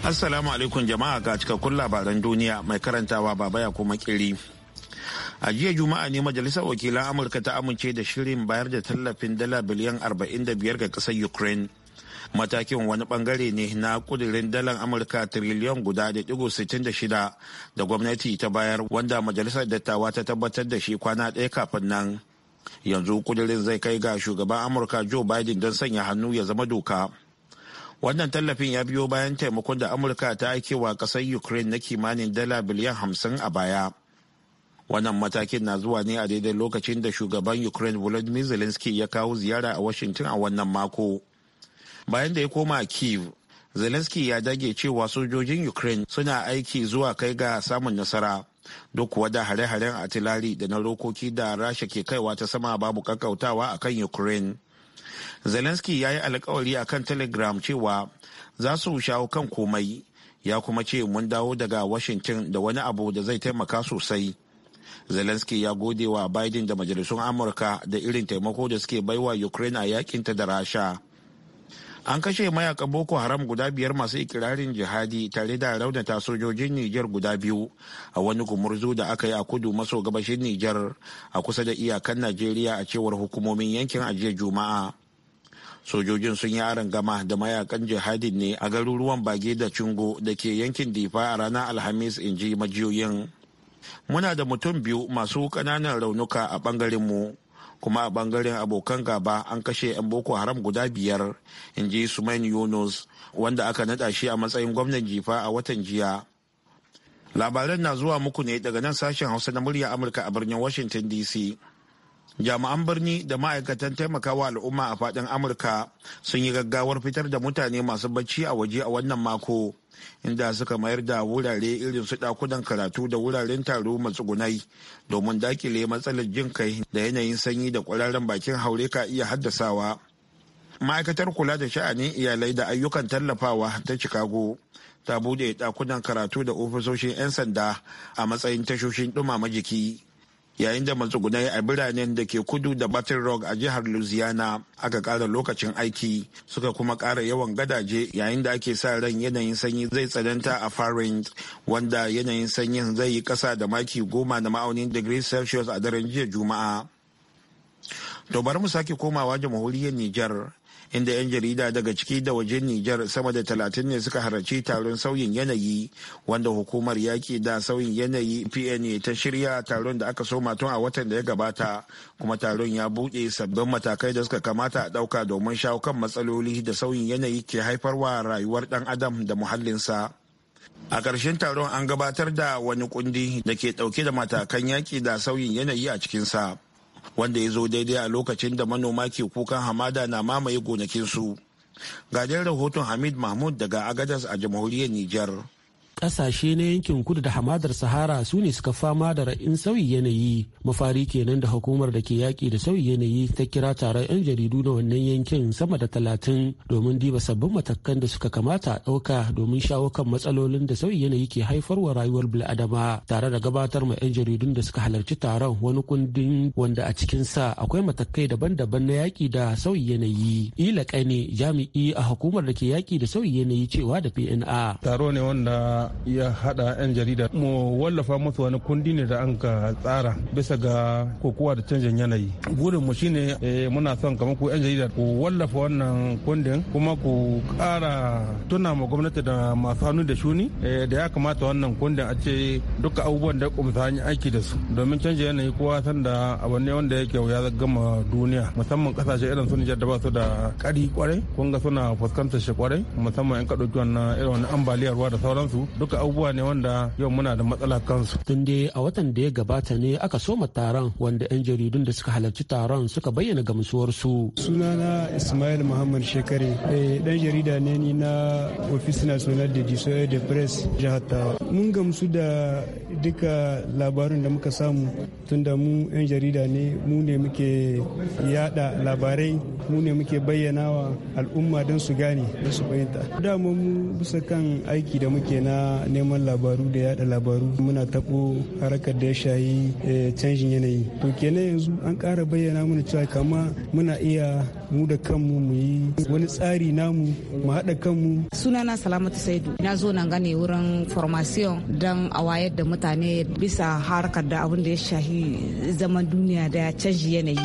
Assalamu alaikum jama'a ga cikakkun labaran duniya mai karantawa baba ya kuma kiri. A jiya Juma'a ne Majalisar Wakilan Amurka ta amince da shirin bayar da tallafin dala biliyan 45 ga kasar Ukraine. Matakin wani bangare ne na kudirin dalar Amurka triliyon guda da digo 66 da gwamnati ta bayar wanda Majalisar Dattawa ta tabbatar da shi kwana ɗaya kafin nan. Yanzu kudirin zai kai ga shugaban Amurka Joe Biden don sanya hannu ya zama doka. wannan tallafin ya biyo bayan taimakon da amurka ta wa kasar ukraine na kimanin dala biliyan hamsin a baya wannan matakin na zuwa ne a daidai lokacin da shugaban ukraine volodymyr zelensky ya kawo ziyara a washington a wannan mako bayan da ya koma a kiev zelensky ya dage cewa sojojin ukraine suna aiki zuwa kai ga samun nasara duk kuwa da hare-haren atilari da na rokoki da rasha ke kaiwa ta sama babu kakkautawa akan ukraine zelensky ya yi alkawari a kan telegram cewa za su shawo kan komai ya kuma ce mun dawo daga washington da wani abu da zai taimaka sosai zelensky ya gode wa biden da majalisun amurka da irin taimako da suke baiwa ukraine a yakinta da rasha an kashe mayaka boko haram guda biyar masu ikirarin jihadi tare da raunata sojojin nijar guda biyu a wani gumurzu da aka yi a kudu maso gabashin nijar a kusa da iyakan najeriya a cewar hukumomin yankin ajiyar juma'a sojojin sun yi aron gama da mayakan jihadin ne a garuruwan bage da cingo da ke yankin difa a ranar alhamis in ji majiyoyin muna da mutum biyu masu kananan raunuka a mu kuma a bangaren abokan gaba an kashe 'yan boko haram guda biyar in ji sumain yunus wanda aka nada shi a matsayin gwamnan jifa a watan jiya labaran na zuwa muku ne daga nan sashen hausa na murya amurka a birnin washington dc jami'an birni da ma'aikatan taimakawa al'umma a fadin amurka sun yi gaggawar fitar da mutane masu bacci a waje a wannan mako inda suka mayar da wurare irin su dakunan karatu da wuraren taro matsugunai domin dakile matsalar jin kai da yanayin sanyi da kwararren bakin haure ka iya haddasawa ma'aikatar kula da sha'anin iyalai da ayyukan tallafawa ta chicago ta bude dakunan karatu da ofisoshin 'yan sanda a matsayin tashoshin ɗumama jiki yayin da matsugunai a biranen da ke kudu da Baton Rock a jihar Louisiana aka ƙara lokacin aiki suka kuma ƙara yawan gadaje yayin da ake sa ran yanayin sanyi zai tsananta a Fahrenheit wanda yanayin sanyin zai yi ƙasa da maki goma da ma'aunin degree Celsius a daren jiya Juma'a. Dobar mu sake komawa jamhuriyar Nijar inda 'yan jarida daga ciki da wajen Nijar sama da talatin ne suka halarci taron sauyin yanayi wanda hukumar yaƙi da sauyin yanayi PNA ta shirya taron da aka soma tun a watan da ya gabata kuma taron ya buɗe sabbin matakai da suka kamata a ɗauka domin shawo kan matsaloli da sauyin yanayi ke haifarwa rayuwar ɗan adam da muhallinsa. A ƙarshen taron an gabatar da wani kundi da ke ɗauke da matakan yaƙi da sauyin yanayi a cikinsa. wanda ya zo daidai a lokacin da manoma ke kukan hamada na mamaye gonakinsu. Gadin rahoton Hamid Mahmud daga Agadas a jamhuriyar Nijar. kasashe na yankin kudu da hamadar sahara su ne suka fama da ra'in sauyi yanayi mafari kenan da hukumar da ke yaƙi da sauyi yanayi ta kira taron 'yan jaridu na wannan yankin sama da talatin domin diba sabbin matakan da suka kamata a ɗauka domin shawo kan matsalolin da sauyi yanayi ke haifarwa rayuwar bil'adama tare da gabatar ma 'yan jaridun da suka halarci taron wani kundin wanda a cikinsa akwai matakai daban-daban na yaƙi da sauyi yanayi ila ne jami'i a hukumar da ke yaƙi da sauyi yanayi cewa da pna taro ne wanda ya hada 'yan jarida mu wallafa musu wani kundi ne da an ka tsara bisa ga kokowa da canjin yanayi burin mu shine eh, muna son kamar ku 'yan jarida ku wallafa wannan kundin kuma ku kara tuna ma gwamnati da masu hannu da shuni eh, da ya kamata wannan kundin a ce duka abubuwan da kumsa an yi aiki da su domin canjin yanayi kowa san da abu ne wanda yake ya gama duniya musamman kasashe irin su Nijar da ba su da kari kwarai kun ga suna fuskantar shi kwarai musamman 'yan kaɗauki wannan irin wani ambaliyar ruwa da sauransu duka abubuwa ne wanda yau muna da matsala kansu tun dai a watan da ya gabata ne aka soma taron wanda 'yan jaridun da suka halarci taron suka bayyana gamsuwarsu sunana ismail muhammad shekari dan eh, jarida ne ni na office national de disoye de press jihar tawa mun gamsu da duka labarin da muka samu tun da mu 'yan jarida ne mu ne muke yada labarai mu ne muke bayyana wa al'umma don su gane don su fahimta da mu bisa kan aiki da muke na neman labaru da yada labaru muna tabo harkar da ya shayi eh, canjin yanayi to kenan yanzu an kara bayyana mana cewa kama muna iya mu da kanmu mu yi wani tsari namu mu haɗa kanmu sunana salamatu saidu na zo nan gane wurin formation don a wayar da mutane bisa harkar da abin da ya shahi zaman duniya da canji yanayi.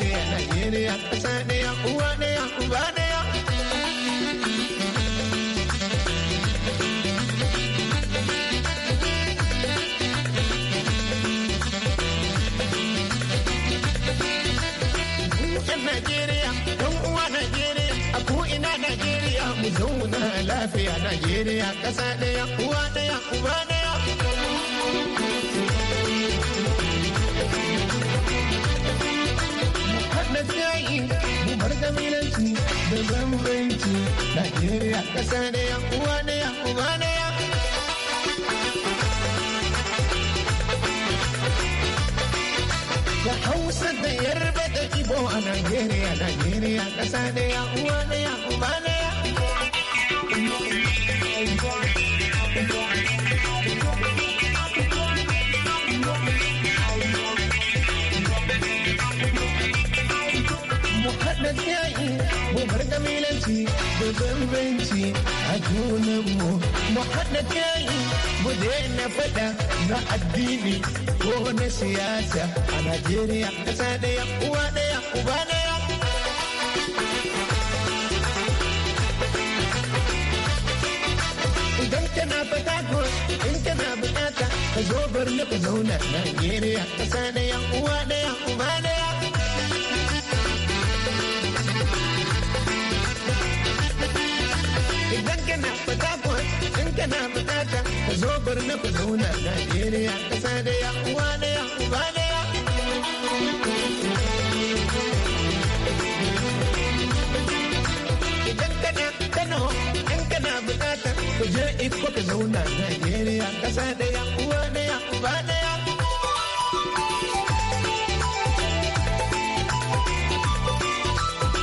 zauna lafiya Najeriya ƙasa ɗaya uwa ɗaya uba ɗaya. Haɗa tsayi mu bar ƙabilanci da bambanci Najeriya ƙasa ɗaya uwa ɗaya uba ɗaya. Da Hausa da Yarba da Ibo a Najeriya, Najeriya ƙasa ɗaya uwa ɗaya uba ɗaya. kabilanci da bambanci a junanmu mu haɗa kai mu daina faɗa na addini ko na siyasa a Najeriya ƙasa ɗaya uwa ɗaya uba ɗaya Fatakot in kana bukata ka zo bar na ka zauna Najeriya ƙasa ɗaya uwa ɗaya uba ɗaya. Idan kana Fatakot in kana bukata ka zo bar na ka zauna Najeriya ƙasa ɗaya uwa ɗaya uba ɗaya. ku je iko ka zauna Najeriya ƙasa ɗaya uwa ɗaya uba ɗaya.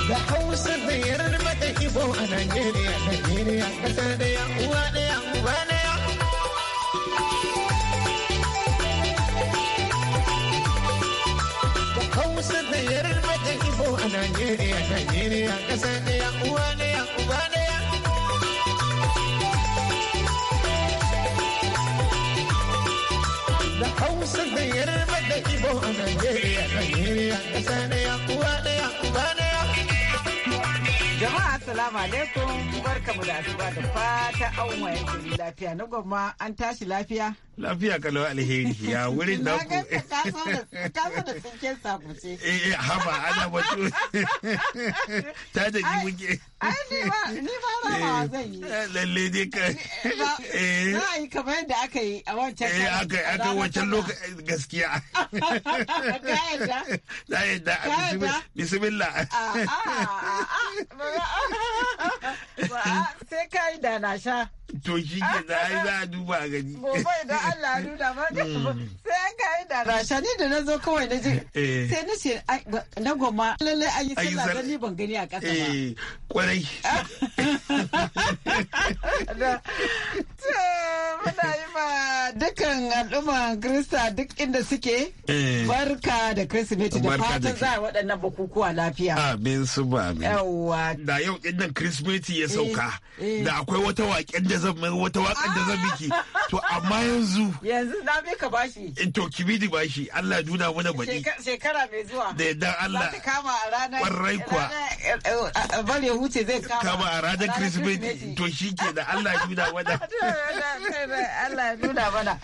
Da Hausa da Yarba mata Ibo a Najeriya, Najeriya ƙasa ɗaya uwa ɗaya uba ɗaya. Hausa da Yarba mata Ibo a Najeriya, Najeriya ƙasa ɗaya uwa ɗaya. ko a Najeriya, Najeriya, ƙasa ɗaya, uwa ɗaya, uba ɗaya. Jama'a Assalamu alaikum, barkamu da asuba da fata an waye lafiya na gwamma an tashi lafiya. lafiya kalau alheri ya wurin da ku ta zo da tsinken sabuce eh haba ana wato ta da ni muke ai ni ba ni ba rawa eh, zan yi eh, lalle dai ka eh na eh. yi kamar yadda aka yi a wancan eh aka aka wancan lokaci gaskiya ka yadda da yadda bismillah sai kai da na sha to shi ke za a yi za a duba a gani. Gobe da Allah ya nuna ba mm. sai an kayi da rasha ni da na zo kawai na ji eh. sai na ce na goma lallai an yi sallah don ni ban gani a ƙasa ba. Eh, kwarai. Muna yi dukkan al'umma Krista duk inda suke. Eh. Barka da Kirsimeti da fatan za a waɗannan bukukuwa lafiya. Amin su ba amin. Yawwa. Da yau ɗin nan ya eh, sauka. Eh. Da akwai wata waƙen da zan wata waƙen da zan biki. To amma yanzu. Yanzu na bi ka bashi. To ki bi di bashi Allah nuna mana baɗi. Shekara mai zuwa. Da yadda Allah. Za ta kama a ranar. Ƙwarai kuwa. Bar ya huce zai kama. Kama a ranar Kirsimeti. To shi ke da Allah nuna mana. Allah nuna mana.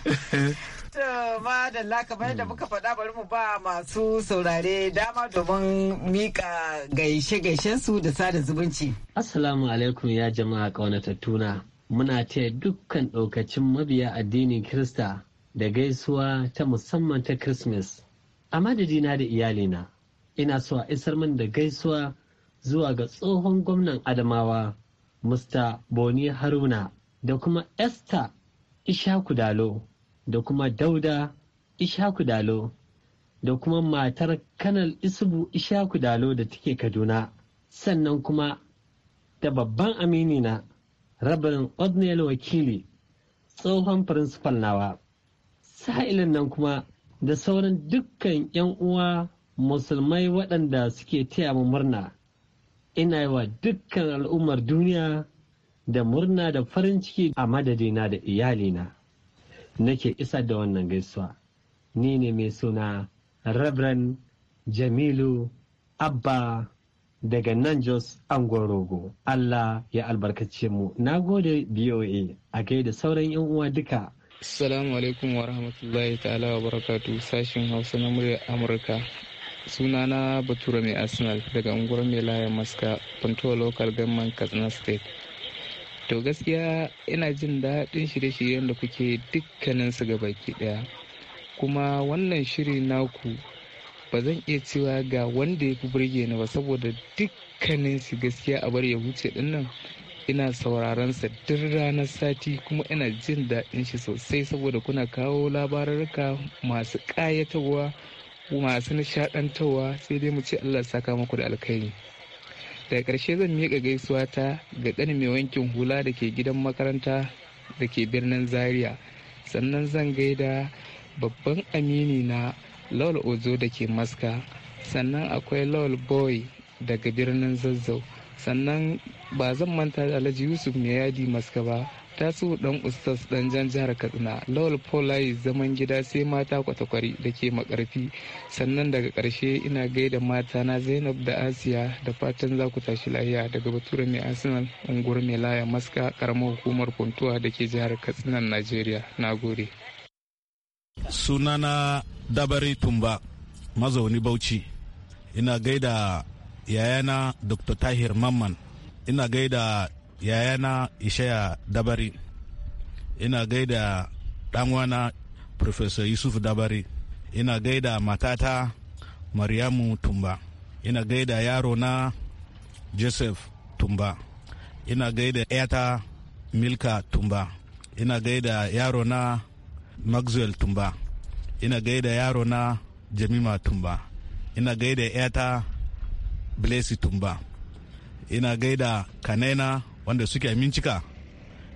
da laka kamar yadda muka faɗa bari mu ba masu saurare dama domin mika gaishe su da sada zumunci. Assalamu alaikum ya jama'a ƙaunatattuna. Muna taya dukkan ɗaukacin mabiya addinin Kirista da gaisuwa ta musamman ta Christmas. A madadina da iyalina, ina so a isar min da gaisuwa zuwa ga tsohon gwamnan Adamawa, Mr. Boni Haruna da kuma Esther Ishaku Dalo da kuma Dauda Ishaku Dalo da kuma matar Kanal Isubu Ishaku Dalo da take Kaduna sannan kuma da babban amini na rabarin Odnel Wakili tsohon firinsifal nawa. Sa'ilin nan kuma da sauran dukkan 'yan uwa musulmai waɗanda suke taya mu murna ina yi wa dukkan al'ummar duniya da murna da farin ciki a madadina da iyalina nake isa da wannan gaisuwa ni ne mai suna rabren Jamilu Abba daga nan Jos angorogo Allah ya albarkace mu. Na gode BOA a kai da sauran 'yan uwa duka. Assalamu alaikum wa rahmatullahi ta'ala wa barakatu sashen Hausa na murya Amurka. suna na Batura mai Arsenal daga unguwar mai layan maska, Pantuwa Local gamman Katsina State. to gaskiya ina jin daɗin shirye-shiryen da kuke dukkanin su ga baki ɗaya kuma wannan shiri naku ba zan iya cewa ga wanda ya fi burge ni ba saboda dukkanin su gaskiya a bar ya huce dinnan ina sauraron sa duk ranar sati kuma ina jin daɗin shi sosai saboda kuna kawo labarurka masu ƙayatarwa masu nishaɗantarwa sai dai mu ce allah saka muku da alkhairi daga ƙarshe zan miƙa gaisuwa ta ga ƙanin mai wankin hula da ke gidan makaranta da ke birnin zaria sannan zan gaida babban amini na lawal ozo da ke maska sannan akwai lawal boy daga birnin zazzau sannan ba zan manta da alhaji yusuf mai yadi maska ba tasu dan ustas dan jan jihar katsina lawal polai zaman gida sai mata kwatakwari da ke makarfi sannan daga karshe ina gaida mata na zainab da asiya da fatan za ku tashi lahiya daga bature mai arsenal unguwar mai laya maska karamar hukumar puntuwa da ke jihar katsina nigeria na gore sunana dabari tumba mazauni bauchi ina gaida yayana dr tahir mamman ina gaida yayana ishaya dabari ina gaida ɗanwana professor yusuf dabari ina gaida matata maryamu tumba ina gaida yaro na joseph tumba ina gaida yata milka tumba ina gaida yaro na maxwell tumba ina gaida yaro na jamima tumba ina gaida yata blessy tumba ina gaida kanena wanda suke a mincika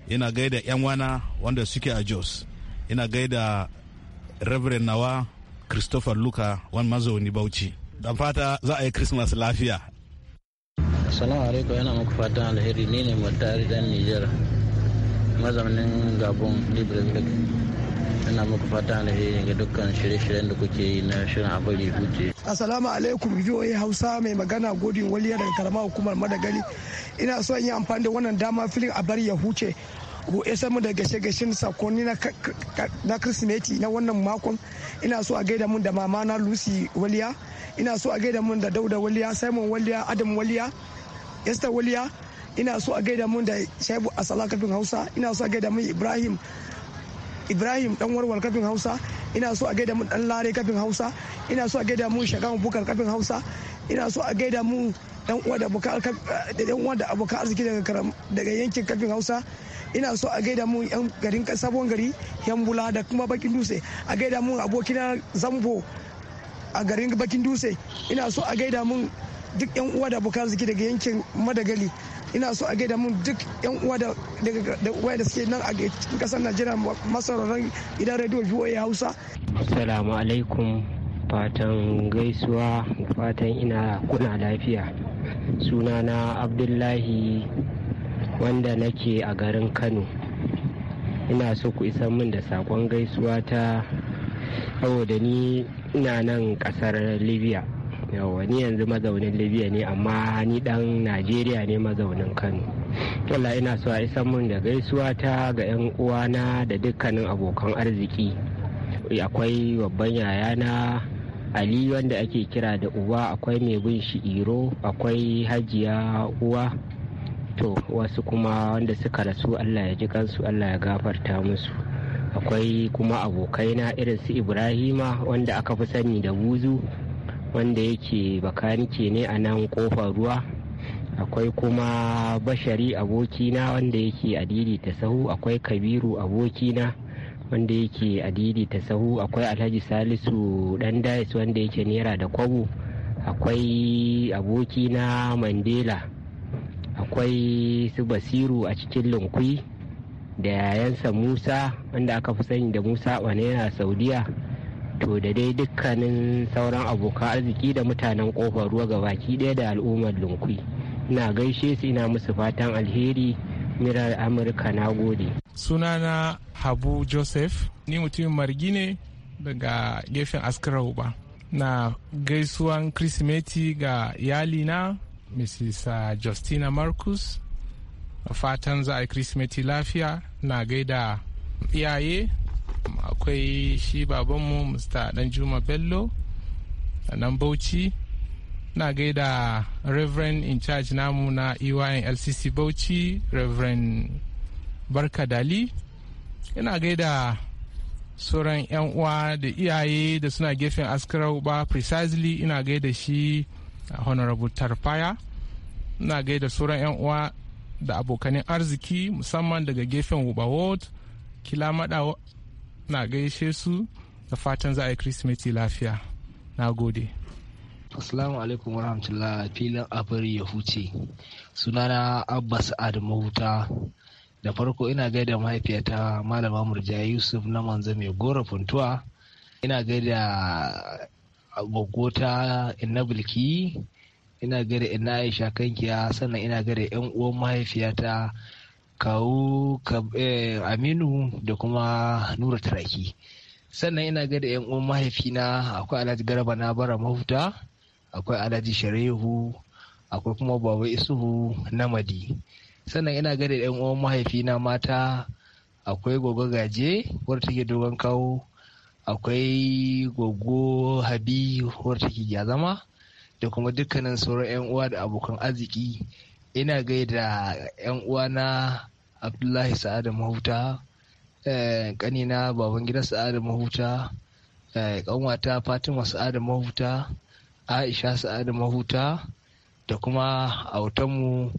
ina gaida yan wana wanda suke a jos ina gaida reverend nawa christopher luka wani mazauni bauchi dan fata za a yi christmas lafiya assalamu alaikum yana muku fatan alheri ni ne mutari dan nijar mazaunin gabon libre ina muku fata alheri ga dukkan shirye-shiryen da kuke yi na shirin abari huce assalamu alaikum biyoyi hausa mai magana godin waliya daga karama hukumar madagali ina so in yi amfani da wannan dama filin a bari ya huce ku isa mu da gashe-gashen sakonni na kirsimeti na wannan makon ina so a gaida mun da mamana lucy waliya ina so a gaida mun da dauda waliya simon waliya adam waliya esther waliya ina so a gaida mun da shaibu a salakafin hausa ina so a gaida mun ibrahim ibrahim dan warwar kafin hausa ina so a gaida mu dan lare kafin hausa ina so a gaida mu shagamu bukar kafin hausa ina so a gaida mu dan uwa da abokan arziki daga yankin kafin hausa ina so a gaida mun yan garin sabon gari yan bula da kuma bakin dutse a gaida mun abokina zambo a garin bakin dutse ina so a gaida mun duk yan uwa da abokan arziki daga yankin madagali ina so a gaida mun duk yan uwa da da suke nan a cikin kasar najeriya idan gidan rediyo voa hausa assalamu alaikum fatan gaisuwa fatan ina kuna lafiya sunana abdullahi wanda nake a garin kano ina so ku isa min da sakon gaisuwa ta saboda ni ina nan kasar libya yawa ni yanzu mazaunin libya ne amma ni dan najeriya ne mazaunin kano Allah ina so a isa mun da gaisuwa ta ga 'yan uwana da dukkanin abokan arziki akwai babban yayana ali wanda ake kira da uwa akwai mai bin shi iro akwai hajiya uwa to wasu kuma wanda suka rasu allah ya ji kansu allah ya gafarta musu akwai kuma abokaina irin su ibrahima wanda aka fi sani da buzu wanda yake bakanike ne a nan kofar ruwa akwai kuma bashari abokina wanda yake adidi ta sahu akwai kabiru abokina wanda yake adidi ta sahu akwai alhaji salisu dan dais wanda yake nera da kwabo akwai abokina mandela akwai su basiru a cikin lunkwi da yayansa musa wanda aka fi sani da musa wane yana saudiya to da dai dukkanin sauran abokan arziki da mutanen kofar ruwa ga baki ɗaya da al'ummar lunkwi na gaishe su ina musu fatan alheri mirar amurka na gode sunana habu joseph ni mutumin margi ne daga gefen askara uba na gaisuwan kirsimeti ga iyalina mrs ah, justina marcus fatan za a yi kirsimeti lafiya na gaida iyaye akwai shi babanmu dan danjuma bello a nan bauchi na gaida reverend in charge namu na eyn lcc bauchi reverend barka dali ina gaida sauran 'yan uwa da iyaye da suna gefen askarau ba precisely ina gaida shi honorable tarfaya ina gaida sauran 'yan uwa da abokanin arziki musamman daga gefen wuba ward kilamada na gaishe su da fatan za a yi kirsimeti lafiya na gode asalamu alaikum rahmatullah filin abari ya huce. Sunana Abbas Adamu Huta. Da farko ina gaida mahaifiyata Malama Murja Yusuf na manzo mai gora funtuwa. Ina gaida gogota Inna Bilki. Ina gaida Inna Aisha Kankiya sannan ina gaida 'yan uwan mahaifiyata kawo eh, aminu da kuma nura turaki sannan ina ga da yan uwan mahaifina akwai alhaji garba na bara mahuta akwai alhaji sharehu akwai kuma baba isuhu namadi sannan ina ga da yan uwan mahaifina mata akwai gogo gaje wadda take dogon kawo akwai gogo habi wadda take gyazama da kuma dukkanin sauran yan uwa da abokan arziki ina gaida yan uwana abdullahi sa'adu mahuta kanina eh, baban gida sa'adu mahuta kanwata eh, fatima sa'adu mahuta aisha sa'adu mahuta da kuma autanmu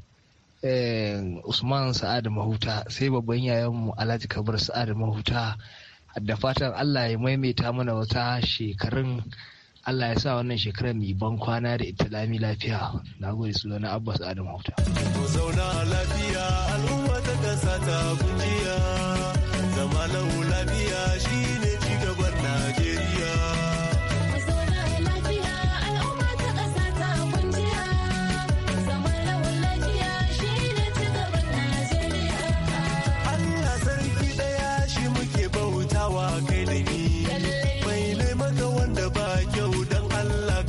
eh, usman sa'adu mahuta sai babban yayan mu alhaji kabir sa'adu mahuta da fatan allah ya maimaita mana wata shekarun Allah ya sa wannan shekarar mai ban kwana da ita lami lafiya na gode sunana Abbas Adam Hauta. Ku zauna lafiya al'umma ta kasa ta kujiya zama laula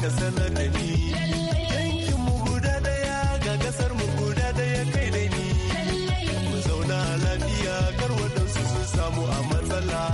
ka sanar da ni yankin mu guda daya ga ƙasarmu guda daya kai da ni mu zauna lafiya kar wadansu sun samu a matsala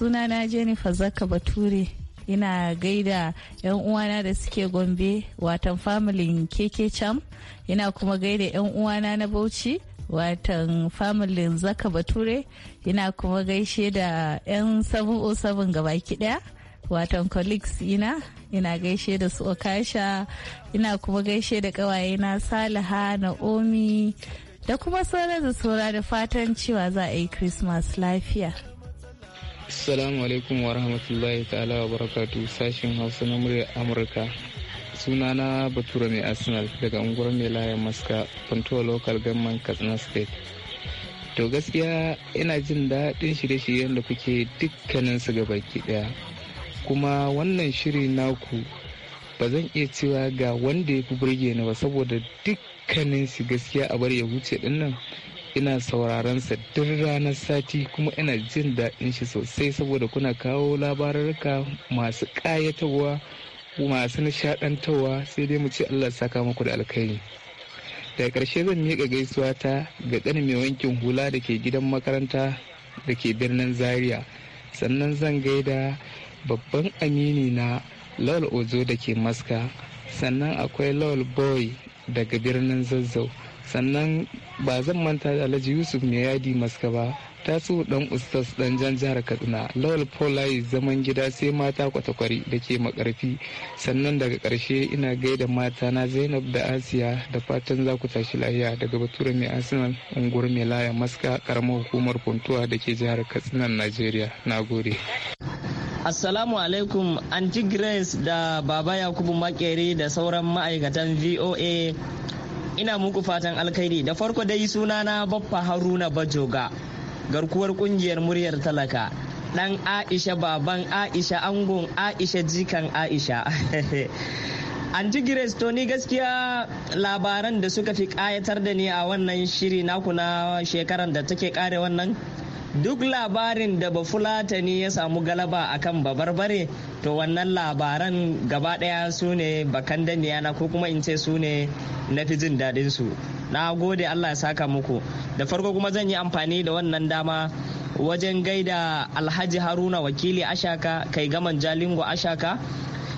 suna na jennifer zaka bature ina gaida yan uwana da suke gombe watan familin keke cham ina kuma gaida yan uwana na bauchi watan familin zaka bature ina kuma gaishe da 'yan 707 gabaki daya watan colleagues ina ina gaishe da su okasha ina kuma gaishe da kawaye na salaha naomi da kuma sauran da saura da fatan cewa za a yi christmas lafiya Assalamu alaikum wa rahmatullahi ta'ala wa barakatu sashen Hausa na muryar Amurka. Sunana Bature mai Arsenal daga unguwar mai layan maska, Fantuwa Local Government Katsina State. To gaskiya ina jin daɗin shirye-shiryen da kuke dukkanin su baki ɗaya. Kuma wannan shiri naku ba zan iya cewa ga wanda ya fi burge ni ba saboda dukkanin su gaskiya a bar ya huce ɗin nan ina sauraron sa duk ranar sati kuma ina jin daɗin shi sosai saboda kuna kawo labararka masu ƙayatarwa masu nishaɗantarwa sai dai mu ce allah saka muku da alkhairi da ƙarshe zan miƙa gaisuwa ta ga ƙanin mai wankin hula da ke gidan makaranta da ke birnin zaria sannan zan gaida babban amini na lawal ozo da ke maska sannan akwai lawal boy daga birnin zazzau sannan ba zan manta da alhaji yusuf mai yadi maska ba ta so dan ustas dan jan jihar katsina lawal polai zaman gida sai mata kwatakwari da ke makarfi sannan daga karshe ina gaida mata na zainab da asiya da fatan za ku tashi lahiya daga bature mai arsenal unguwar mai laya maska karamar hukumar puntuwa da ke jihar katsina nigeria na gode Assalamu alaikum anti Grace da Baba Yakubu Makeri da sauran ma'aikatan VOA ina muku fatan alkhairi da farko dai sunana Baffa Haruna Bajoga garkuwar kungiyar muryar talaka dan Aisha baban Aisha angon Aisha jikan Aisha Anti Grace to ni gaskiya labaran da suka fi kayatar da ni a wannan shiri naku na shekaran da take kare wannan duk labarin da bafulatani ya samu galaba akan babarbare to wannan labaran gaba daya su ne bakan na ko kuma in ce su ne na fi jin daɗin su na gode allah ya saka muku da farko kuma zan yi amfani da wannan dama wajen gaida alhaji haruna wakili ashaka kai gaman jalingo ashaka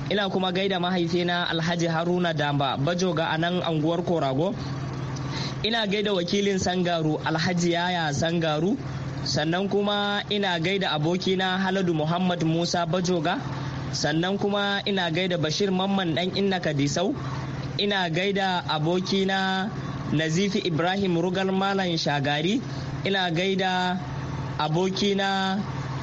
ina kuma gaida mahaifina alhaji haruna damba bajoga a nan anguwar korago ina gaida wakilin sangaru alhaji yaya sangaru sannan kuma ina gaida abokina haladu muhammad musa bajoga sannan kuma ina gaida bashir mamman dan inna kadisau ina gaida abokina nazifi ibrahim rugal malam shagari ina gaida abokina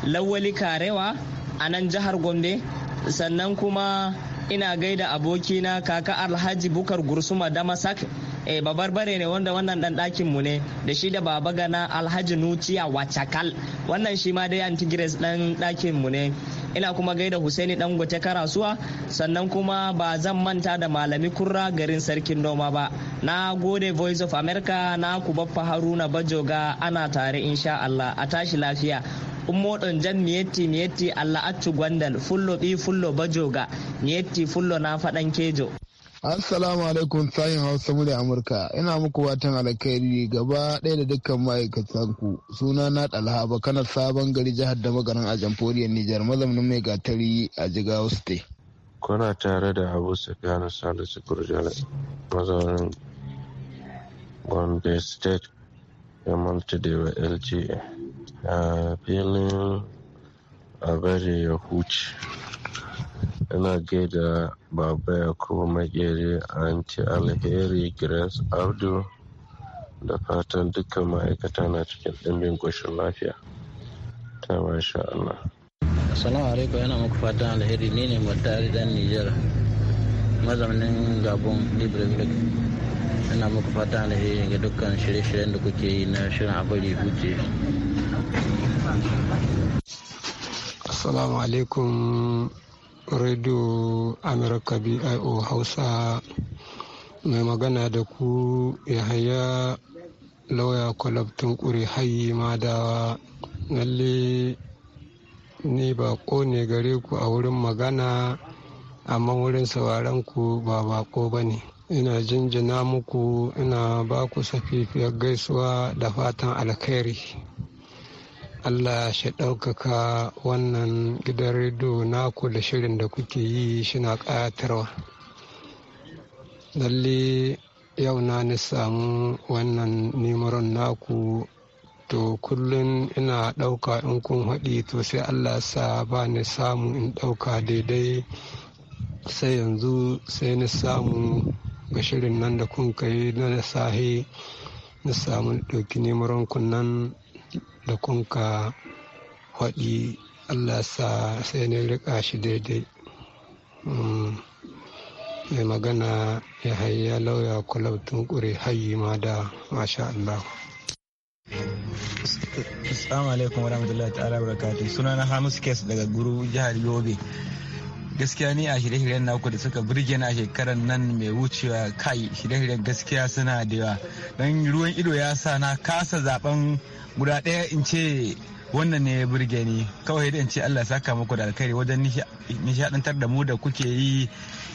lawali karewa a nan jihar gombe sannan kuma ina gaida abokina kaka alhaji bukar gursuma damasak Eh, babar bare ne wanda wannan dan ɗakin mu ne da shi da baba gana alhaji nuciya wacakal wannan shi ma dai antigres dan ɗakin mu ne ina kuma gaida Husaini gote Karasuwa sannan kuma ba zan manta da malami kurra garin sarkin noma ba na gode Voice of America na ku baffa Haruna Bajoga ana tare insha Allah a tashi lafiya ummodon jan miyetti miyetti Allah accu gwandal fullo bi fullo bajoga miyetti fullo na faɗan kejo Assalamu alaikum sayin Hausa mu da Amurka. Ina muku watan alkhairi gaba ɗaya da dukkan ma'aikatan ku. Suna na Dalha Bakanar sabon gari jihar da magaran a jamhuriyar Nijar mazaunin mai gatari a Jigawa State. Kuna tare da Abu Sufyan Salisu Kurjala mazaunin Gombe State Yamal Tadewa LGA a filin a bari ya huce. ina gaida baba yakubu maƙeri anti alheri grace abdu da fatan dukkan ma'aikata na cikin ɗimbin ƙoshin lafiya ta masha Allah. Assalamu alaikum yana muku fatan alheri ni ne mutari dan Nijar mazaunin Gabon Libreville ina muku fatan alheri ga dukkan shirye-shiryen da kuke yi na shirin abari huce. Assalamu alaikum radio amurka bio hausa mai magana da ku ya haya lauya kwalabtun kure hayi madawa lalle ni ba ne gare ku a wurin magana amma wurin sauraron ku ba bako ba ne ina jinjina muku ina ba ku safifiyar gaisuwa da fatan alkhairi Allah shi ɗaukaka wannan gidan rediyo naku da shirin da kuke yi shina ƙayatarwa. Lalle yau na ni samu wannan nemaron naku to kullum ina ɗauka in kun haɗi to sai Allah sa ba ni samu in ɗauka daidai sai yanzu sai ni samu ga shirin nan da kun kai na sahi na samu ɗauki nemuran kunan. da kun ka faɗi allah sa sai na riƙa shi daidai mm. mai magana ya hayya lauya kulab tunkure hayi ma da masha allah Assalamu alaikum warahmatullahi ta'ala barakatuh sunana Hamis Kes daga Guru jihar Yobe gaskiya ni a shirye-shiryen naku da suka burge na shekarar nan mai wucewa kai shirye-shiryen gaskiya suna da yawa don ruwan ido ya sa na kasa zaben guda ɗaya in ce wannan ne ya burge ni kawai da in ce Allah saka muku da alkhairi wajen nishadantar da mu da kuke yi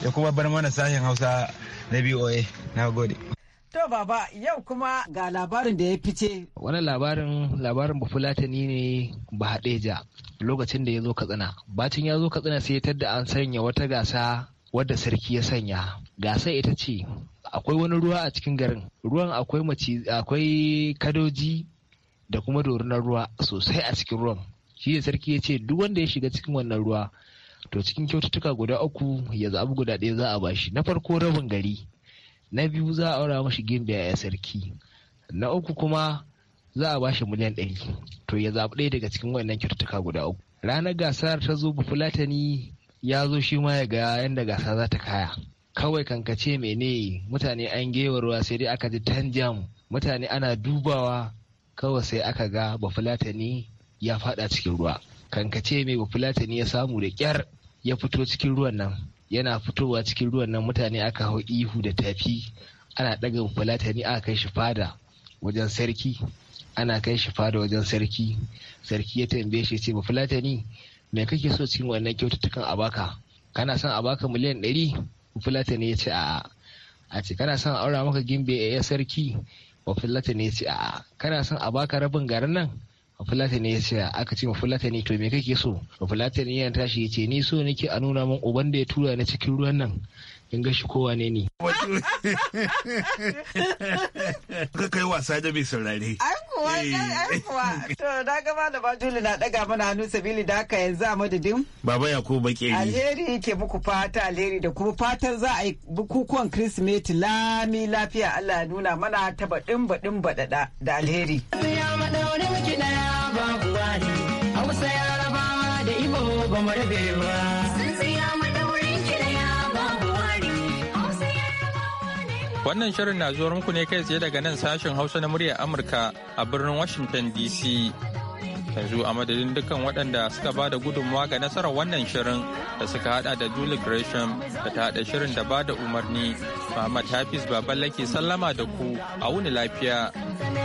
ya kuma bar mana sashen Hausa na BOA na gode To baba yau kuma ga labarin da ya fice. Wannan labarin labarin bafulatani ne ba haɗeja lokacin da ya zo katsina. Bacin ya zo katsina sai ya da an sanya wata gasa wadda sarki ya sanya. Gasa ita ce akwai wani ruwa a cikin garin. Ruwan akwai maci akwai kadoji da kuma dorinar ruwa sosai a cikin ruwan. Shi da sarki ya ce duk wanda ya shiga cikin wannan ruwa to cikin kyaututtuka guda uku ya zaɓi guda ɗaya za a bashi na farko rabin gari na biyu za a aura mashi gimbiya ya sarki na uku kuma za a bashi miliyan ɗari to ya zaɓi ɗaya daga cikin wannan kyaututtuka guda uku ranar gasar ta zo bufulatani ya zo shi ma ya ga yadda gasa za ta kaya kawai kankace mene mutane an gewarwa sai dai aka ji tanjam mutane ana dubawa kawai sai aka ga bafulatani ya fada cikin ruwa kankace mai bafulatani ya samu da kyar ya fito cikin ruwan nan yana fitowa cikin ruwan nan mutane aka hau ihu da tafi ana ɗaga fulatani aka kai shi fada wajen sarki ana kai shi fada wajen sarki sarki ya tambaye shi ce ba fulatani me kake so cikin wannan kyaututtukan a baka kana son a baka miliyan ɗari fulatani ya ce a'a a ce kana son aura maka gimbe ya sarki wa fulatani ya ce a'a kana son a baka rabin garin nan fulatani ya ce aka ce fulatani to me kake so fulatani yana tashi ya ce ni so nake a nuna min uban da ya tura na cikin ruwan nan in ga shi kowa ne ni. Ka kai wasa da mai saurare. Ai kuwa, ai eh. kuwa. To na gaba da bajuli na daga mana hannu sabili da haka yanzu a madadin. Baba ya ko ke ni. Alheri ke muku fata alheri da kuma fatan za a yi bukukuwan Kirsimeti lami lafiya Allah ya nuna mana ta baɗin baɗin baɗaɗa da alheri. Wannan shirin na zuwar muku ne kai tsaye daga nan sashen Hausa na muryar Amurka a birnin Washington DC. Yanzu a madadin dukkan waɗanda suka ba da gudunmawa ga nasarar wannan shirin da suka hada da Julie Gresham da ta hada shirin da ba da umarni. Muhammad Hafiz Baballake sallama da ku a wuni lafiya.